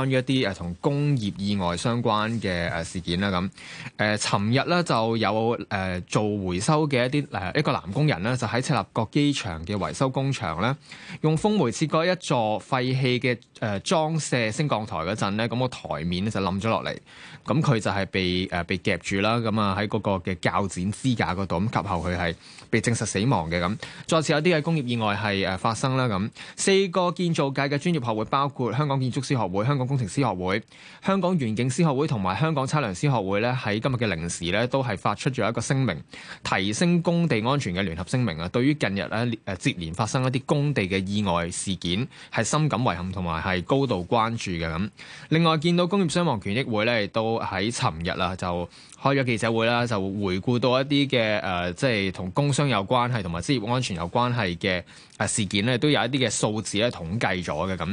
關於一啲誒同工業意外相關嘅誒事件啦，咁誒，尋日咧就有誒做回收嘅一啲誒一個男工人咧，就喺赤鱲角機場嘅維修工場咧，用風煤切割一座廢棄嘅誒裝卸升降台嗰陣咧，咁個台面咧就冧咗落嚟，咁佢就係被誒被夾住啦，咁啊喺嗰個嘅鉸剪支架嗰度，咁及後佢係被證實死亡嘅。咁，再次有啲嘅工業意外係誒發生啦，咁四個建造界嘅專業學會包括香港建築師學會、香港工程師學會、香港園境師學會同埋香港測量師學會咧，喺今日嘅零時咧，都係發出咗一個聲明，提升工地安全嘅聯合聲明啊！對於近日咧誒接連發生一啲工地嘅意外事件，係深感遺憾同埋係高度關注嘅咁。另外見到工業傷亡權益會咧，亦都喺尋日啊就。開咗記者會啦，就回顧到一啲嘅誒，即係同工傷有關係，同埋職業安全有關係嘅誒事件咧，都有一啲嘅數字咧統計咗嘅咁。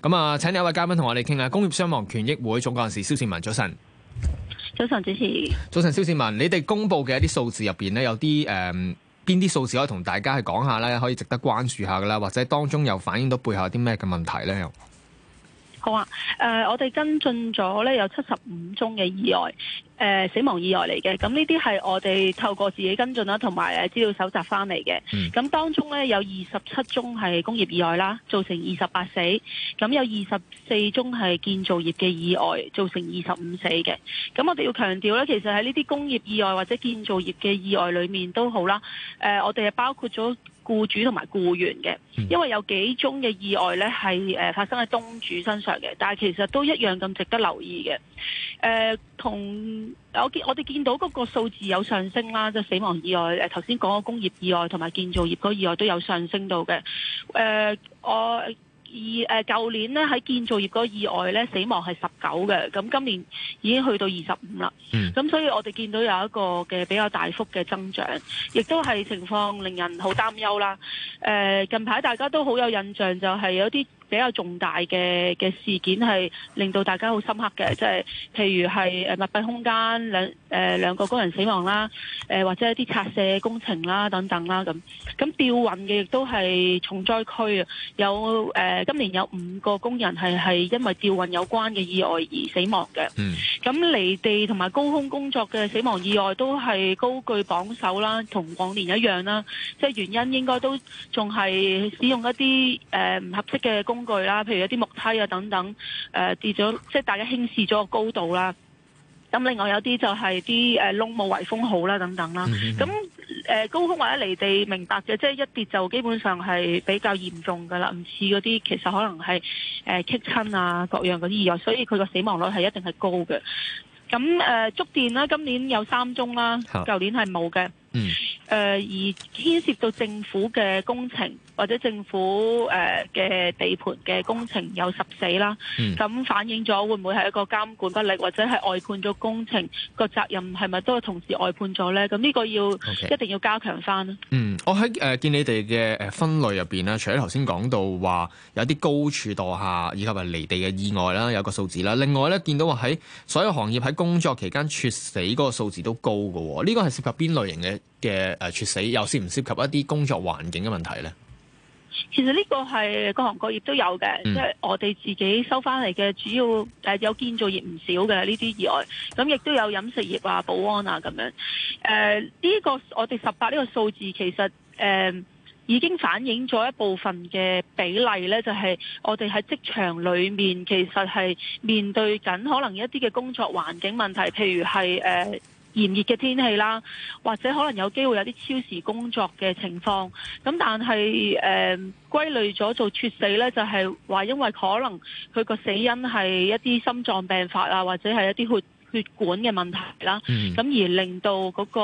咁啊、呃，請有一位嘉賓同我哋傾下，工業傷亡權益會總幹事蕭倩文，早晨。早晨主持。早晨，蕭倩文，你哋公布嘅一啲數字入邊咧，有啲誒邊啲數字可以同大家去講下咧，可以值得關注下噶啦，或者當中又反映到背後有啲咩嘅問題咧？好啊，誒、呃，我哋跟進咗咧有七十五宗嘅意外，誒、呃，死亡意外嚟嘅，咁呢啲係我哋透過自己跟進啦，同埋誒資料搜集返嚟嘅。咁、嗯、當中咧有二十七宗係工業意外啦，造成二十八死；咁有二十四宗係建造業嘅意外，造成二十五死嘅。咁我哋要強調咧，其實喺呢啲工業意外或者建造業嘅意外裏面都好啦，誒、呃，我哋係包括咗。僱主同埋僱員嘅，因為有幾宗嘅意外呢，係誒發生喺東主身上嘅，但係其實都一樣咁值得留意嘅。誒，同我見我哋見到嗰個數字有上升啦，即係死亡意外，誒頭先講嘅工業意外同埋建造業意外都有上升到嘅。誒，我。二誒，舊年咧，喺建造業嗰個意外咧，死亡係十九嘅，咁今年已經去到二十五啦。咁、嗯、所以我哋見到有一個嘅比較大幅嘅增長，亦都係情況令人好擔憂啦。誒近排大家都好有印象，就係有啲。比較重大嘅嘅事件係令到大家好深刻嘅，即係譬如係誒密閉空間兩誒、呃、兩個工人死亡啦，誒、呃、或者一啲拆卸工程啦等等啦咁。咁吊運嘅亦都係重災區啊，有誒、呃、今年有五個工人係係因為吊運有關嘅意外而死亡嘅。咁、嗯、離地同埋高空工作嘅死亡意外都係高居榜首啦，同往年一樣啦。即、就、係、是、原因應該都仲係使用一啲誒唔合適嘅工具啦，譬如有啲木梯啊等等，誒、呃、跌咗，即係大家輕視咗個高度啦。咁另外有啲就係啲誒窿冇圍封好啦等等啦。咁誒、呃、高空或者離地明白嘅，即係一跌就基本上係比較嚴重噶啦，唔似嗰啲其實可能係誒、呃、踢親啊各樣啲意外，所以佢個死亡率係一定係高嘅。咁誒觸電啦今年有三宗啦，舊年係冇嘅。誒而牽涉到政府嘅工程或者政府誒嘅地盤嘅工程有十四啦，咁反映咗會唔會係一個監管不力，或者係外判咗工程個責任係咪都係同時外判咗咧？咁呢個要 Okay. 一定要加強翻咧。嗯，我喺誒、呃、見你哋嘅誒分類入邊咧，除咗頭先講到話有啲高處墮下以及係離地嘅意外啦，有個數字啦。另外咧，見到話喺所有行業喺工作期間猝死嗰個數字都高嘅，呢、呢個係涉及邊類型嘅？嘅誒猝死又涉唔涉及一啲工作環境嘅問題呢？其實呢個係各行各業都有嘅，即係、嗯、我哋自己收翻嚟嘅，主要誒、呃、有建造業唔少嘅呢啲意外，咁亦都有飲食業啊、保安啊咁樣。誒、呃、呢、這個我哋十八呢個數字其實誒、呃、已經反映咗一部分嘅比例呢，就係、是、我哋喺職場裏面其實係面對緊可能一啲嘅工作環境問題，譬如係誒。呃炎熱嘅天氣啦，或者可能有機會有啲超時工作嘅情況，咁但係誒、呃、歸類咗做猝死咧，就係、是、話因為可能佢個死因係一啲心臟病發啊，或者係一啲血血管嘅問題啦，咁、嗯、而令到嗰、那個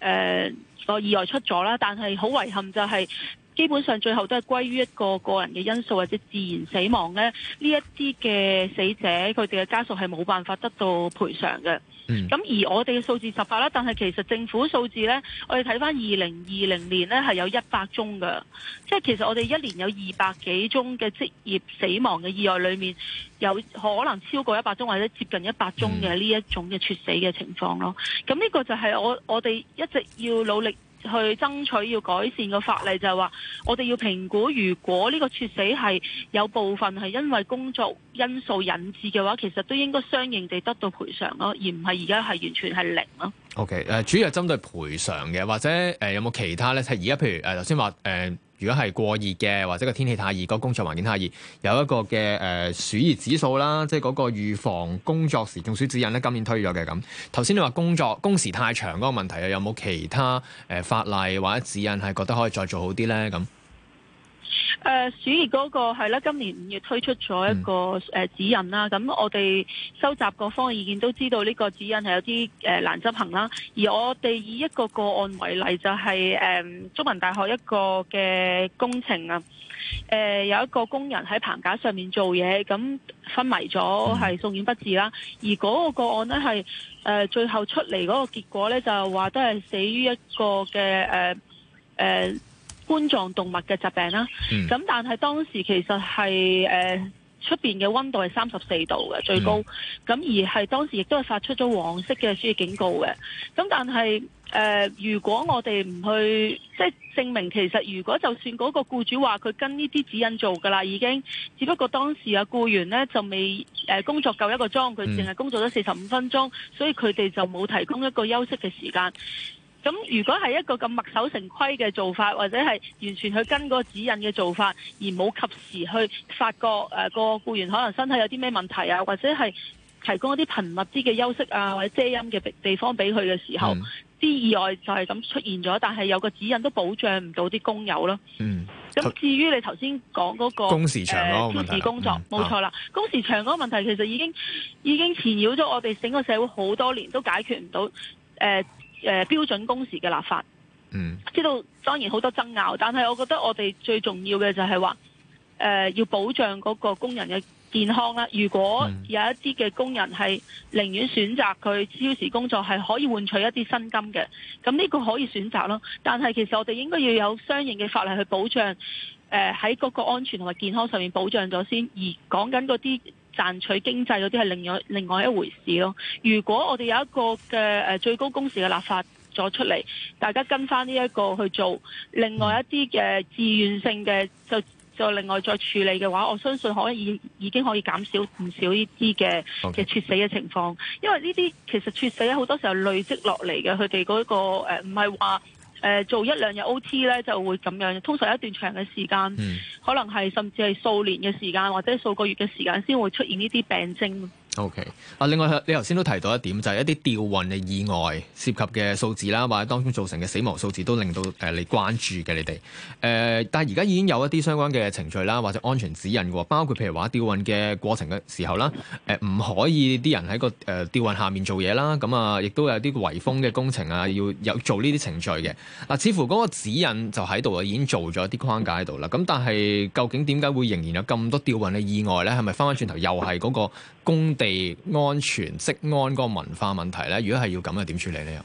誒個、呃、意外出咗啦，但係好遺憾就係、是。基本上最後都係歸於一個個人嘅因素或者自然死亡咧，呢一啲嘅死者佢哋嘅家屬係冇辦法得到賠償嘅。咁、嗯、而我哋嘅數字十八啦，但係其實政府數字呢，我哋睇翻二零二零年呢，係有一百宗嘅，即係其實我哋一年有二百幾宗嘅職業死亡嘅意外裏面，有可能超過一百宗或者接近一百宗嘅呢一種嘅猝死嘅情況咯。咁呢、嗯、個就係我我哋一直要努力。去爭取要改善個法例，就係話我哋要評估，如果呢個猝死係有部分係因為工作因素引致嘅話，其實都應該相應地得到賠償咯，而唔係而家係完全係零咯。OK，誒、呃、主要係針對賠償嘅，或者誒、呃、有冇其他咧？係而家譬如誒頭先話誒。呃如果係過熱嘅，或者個天氣太熱，個工作環境太熱，有一個嘅誒、呃、暑熱指數啦，即係嗰個預防工作時中暑指引咧，今年推咗嘅咁。頭先你話工作工時太長嗰個問題，有冇其他誒、呃、法例或者指引係覺得可以再做好啲咧咁？誒，暑熱嗰個係啦，今年五月推出咗一個誒、呃、指引啦。咁我哋收集各方嘅意見，都知道呢個指引係有啲誒、呃、難執行啦。而我哋以一個個案為例，就係、是、誒、呃、中文大學一個嘅工程啊，誒、呃、有一個工人喺棚架上面做嘢，咁昏迷咗，係送院不治啦。而嗰個個案呢，係誒、呃、最後出嚟嗰個結果呢，就係話都係死於一個嘅誒誒。呃呃冠狀動物嘅疾病啦，咁、嗯、但係當時其實係誒出邊嘅溫度係三十四度嘅最高，咁、嗯、而係當時亦都係發出咗黃色嘅暑熱警告嘅。咁但係誒、呃，如果我哋唔去即係證明，其實如果就算嗰個僱主話佢跟呢啲指引做㗎啦，已經，只不過當時啊僱員呢就未誒、呃、工作夠一個鐘，佢淨係工作咗四十五分鐘，所以佢哋就冇提供一個休息嘅時間。咁如果係一個咁墨守成規嘅做法，或者係完全去跟個指引嘅做法，而冇及時去發覺誒、呃、個雇員可能身體有啲咩問題啊，或者係提供一啲頻密啲嘅休息啊或者遮陰嘅地方俾佢嘅時候，啲、嗯、意外就係咁出現咗，但係有個指引都保障唔到啲工友咯。嗯。咁至於你頭先講嗰個工時長咯問題、呃、工時工作冇、嗯、錯啦，啊、工時長嗰個問題其實已經已經纏繞咗我哋整個社會好多年，都解決唔到誒。呃誒、呃、標準工時嘅立法，嗯、知道當然好多爭拗，但係我覺得我哋最重要嘅就係話，誒、呃、要保障嗰個工人嘅健康啦。如果有一啲嘅工人係寧願選擇佢超時工作，係可以換取一啲薪金嘅，咁呢個可以選擇咯。但係其實我哋應該要有相應嘅法例去保障，誒喺嗰個安全同埋健康上面保障咗先。而講緊嗰啲。賺取經濟嗰啲係另外另外一回事咯。如果我哋有一個嘅誒最高工時嘅立法咗出嚟，大家跟翻呢一個去做，另外一啲嘅自願性嘅就就另外再處理嘅話，我相信可以已經可以減少唔少呢啲嘅嘅猝死嘅情況，Okay. 因為呢啲其實猝死好多時候累積落嚟嘅，佢哋嗰一個唔係話。呃誒、呃、做一兩日 OT 咧就會咁樣，通常一段長嘅時間，嗯、可能係甚至係數年嘅時間或者數個月嘅時間先會出現呢啲病症。O.K. 啊，另外你頭先都提到一點，就係、是、一啲吊運嘅意外涉及嘅數字啦，或者當中造成嘅死亡數字都令到誒、呃、你關注嘅，你哋誒、呃。但係而家已經有一啲相關嘅程序啦，或者安全指引喎，包括譬如話吊運嘅過程嘅時候啦，誒、呃、唔可以啲人喺、個誒吊、呃、運下面做嘢啦。咁啊，亦都有啲圍封嘅工程啊，要有做呢啲程序嘅。嗱、呃，似乎嗰個指引就喺度啊，已經做咗啲框架喺度啦。咁但係究竟點解會仍然有咁多吊運嘅意外咧？係咪返返轉頭又係嗰個工地？地安全、職安嗰個文化問題咧，如果係要咁嘅點處理呢？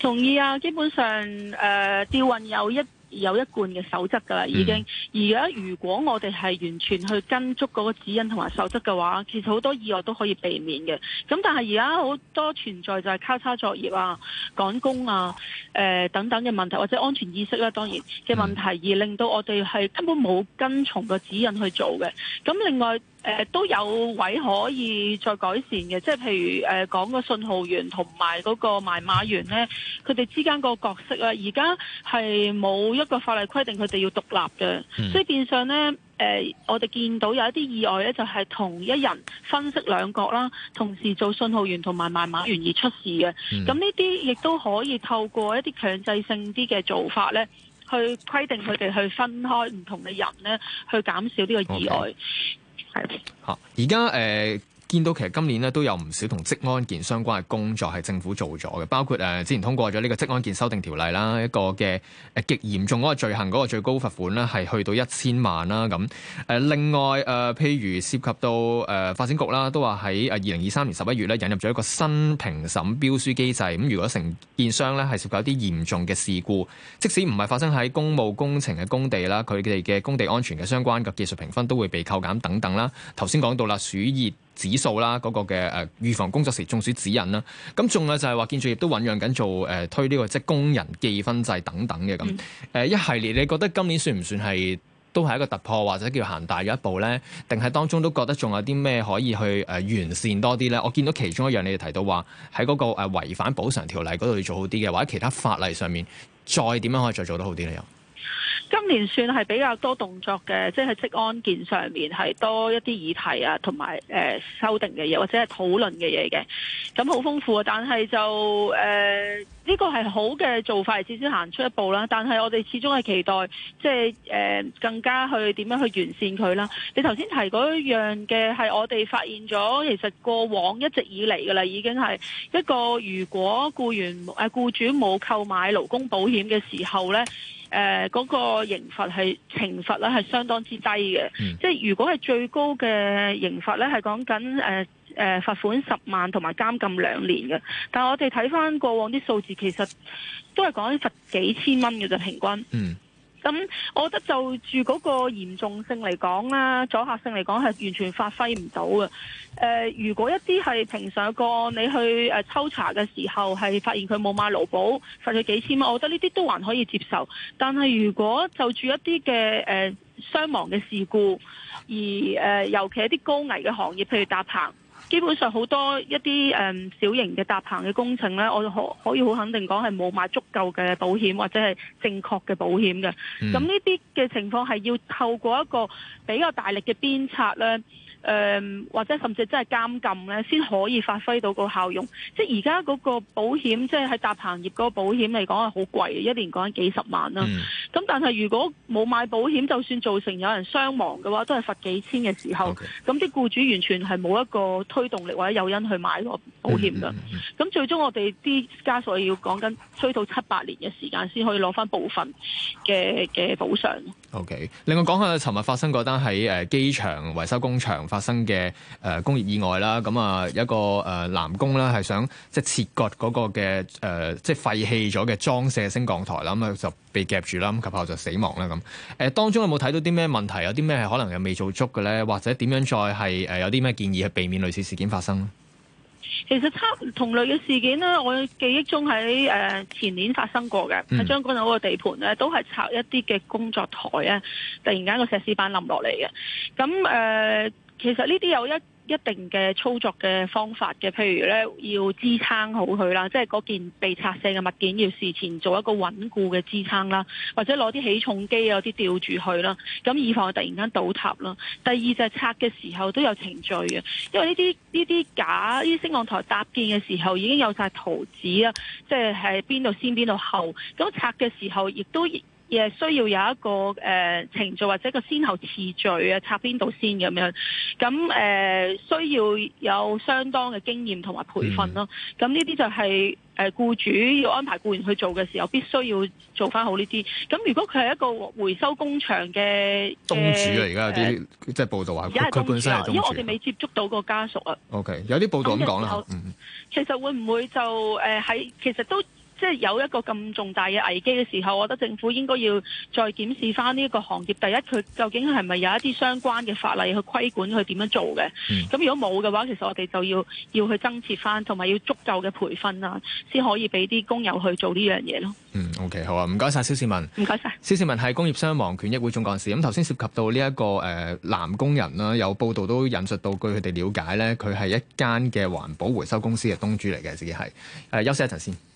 同意啊，基本上誒吊、呃、運有一有一貫嘅守則噶啦，已經、嗯、而家如果我哋係完全去跟足嗰個指引同埋守則嘅話，其實好多意外都可以避免嘅。咁但係而家好多存在就係交叉作業啊、趕工啊、誒、呃、等等嘅問題，或者安全意識啦、啊、當然嘅問題，嗯、而令到我哋係根本冇跟從個指引去做嘅。咁另外。誒、呃、都有位可以再改善嘅，即係譬如誒講個信號員同埋嗰個賣馬員咧，佢哋之間個角色啊，而家係冇一個法例規定佢哋要獨立嘅，嗯、所以變相咧誒、呃，我哋見到有一啲意外咧，就係、是、同一人分飾兩角啦，同時做信號員同埋賣馬員而出事嘅。咁呢啲亦都可以透過一啲強制性啲嘅做法咧，去規定佢哋去分開唔同嘅人咧，去減少呢個意外。Okay. 係，好，而家呃。見到其實今年咧都有唔少同職安健相關嘅工作係政府做咗嘅，包括誒之前通過咗呢個職安健修訂條例啦，一個嘅誒極嚴重嗰個罪行嗰、那個最高罰款咧係去到一千萬啦咁。誒另外誒、呃，譬如涉及到誒、呃、發展局啦，都話喺誒二零二三年十一月咧引入咗一個新評審標書機制咁，如果承建商咧係涉及一啲嚴重嘅事故，即使唔係發生喺公務工程嘅工地啦，佢哋嘅工地安全嘅相關嘅技術評分都會被扣減等等啦。頭先講到啦，暑熱。指數啦，嗰個嘅誒預防工作時中暑指引啦，咁仲有就係話建築業都醖釀緊做誒推呢個即係工人記分制等等嘅咁誒一系列。你覺得今年算唔算係都係一個突破，或者叫行大一步咧？定係當中都覺得仲有啲咩可以去誒完善多啲咧？我見到其中一樣，你哋提到話喺嗰個誒違反補償條例嗰度要做好啲嘅，或者其他法例上面再點樣可以再做得好啲咧？又今年算係比較多動作嘅，即係職安健上面係多一啲議題啊，同埋誒修訂嘅嘢，或者係討論嘅嘢嘅，咁好豐富啊。但係就誒呢、呃這個係好嘅做法，係至少行出一步啦。但係我哋始終係期待，即係誒更加去點、呃、樣去完善佢啦。你頭先提嗰樣嘅，係我哋發現咗，其實過往一直以嚟噶啦，已經係一個如果雇員誒雇、呃、主冇購買勞工保險嘅時候呢。誒嗰、呃那個刑罰係懲罰咧係相當之低嘅，嗯、即如果係最高嘅刑罰咧係講緊誒誒罰款十萬同埋監禁兩年嘅，但我哋睇翻過往啲數字其實都係講緊罰幾千蚊嘅啫，平均。嗯咁、嗯，我覺得就住嗰個嚴重性嚟講啦，阻嚇性嚟講係完全發揮唔到嘅。如果一啲係平常個案，你去、呃、抽查嘅時候係發現佢冇買勞保，罰咗幾千蚊，我覺得呢啲都還可以接受。但係如果就住一啲嘅誒傷亡嘅事故，而誒、呃、尤其係一啲高危嘅行業，譬如搭棚。基本上好多一啲誒小型嘅搭棚嘅工程呢，我可可以好肯定講，係冇買足夠嘅保險或者係正確嘅保險嘅。咁呢啲嘅情況，係要透過一個比較大力嘅鞭策呢。誒或者甚至真係監禁咧，先可以發揮到個效用。即係而家嗰個保險，即係喺搭棚業嗰個保險嚟講係好貴，一年講緊幾十萬啦、啊。咁、mm hmm. 但係如果冇買保險，就算造成有人傷亡嘅話，都係罰幾千嘅時候。咁啲 Okay. 僱主完全係冇一個推動力或者有因去買個保險㗎。咁、mm hmm. 最終我哋啲家屬要講緊，推到七八年嘅時間先可以攞翻部分嘅嘅補償。OK，另外講下，尋日發生嗰單喺誒機場維修工場發生嘅誒、呃、工業意外啦。咁啊，一個誒、呃、男工咧，係想即係切割嗰個嘅誒、呃、即係廢棄咗嘅裝卸升降台啦。咁啊，就被夾住啦，咁及後就死亡啦。咁誒、呃，當中有冇睇到啲咩問題？有啲咩係可能又未做足嘅咧？或者點樣再係誒、呃、有啲咩建議去避免類似事件發生咧？其實差唔多同類嘅事件咧，我記憶中喺誒前年發生過嘅，喺將、嗯、軍澳個地盤咧，都係拆一啲嘅工作台啊，突然間個石屎板冧落嚟嘅。咁誒、呃，其實呢啲有一。一定嘅操作嘅方法嘅，譬如咧要支撐好佢啦，即係嗰件被拆卸嘅物件要事前做一個穩固嘅支撐啦，或者攞啲起重機啊，有啲吊住佢啦，咁以防佢突然間倒塌啦。第二就係拆嘅時候都有程序嘅，因為呢啲呢啲架呢啲升降台搭建嘅時候已經有晒圖紙啊，即係喺邊度先邊度後，咁拆嘅時候亦都。亦、yeah, 需要有一個誒、呃、程序或者一個先後次序啊，插邊度先咁樣。咁誒、呃、需要有相當嘅經驗同埋培訓咯。咁呢啲就係誒僱主要安排僱員去做嘅時候，必須要做翻好呢啲。咁如果佢係一個回收工場嘅東主啊，而家有啲即係報道話佢本身係東主，因為我哋未接觸到個家屬啊。OK，有啲報道咁講啦。嗯、其實會唔會就誒喺、呃、其實都？即係有一個咁重大嘅危機嘅時候，我覺得政府應該要再檢視翻呢一個行業。第一，佢究竟係咪有一啲相關嘅法例去規管佢點樣做嘅？咁、嗯、如果冇嘅話，其實我哋就要要去增設翻，同埋要足夠嘅培訓啊，先可以俾啲工友去做呢樣嘢咯。嗯，OK，好啊，唔該晒蕭倩文。唔該晒蕭倩文，係工業傷亡權益會總幹事。咁頭先涉及到呢、這、一個誒男、呃、工人啦，有報道都引述到，據佢哋了解呢，佢係一間嘅環保回收公司嘅東主嚟嘅，自己係、呃、休息一陣先。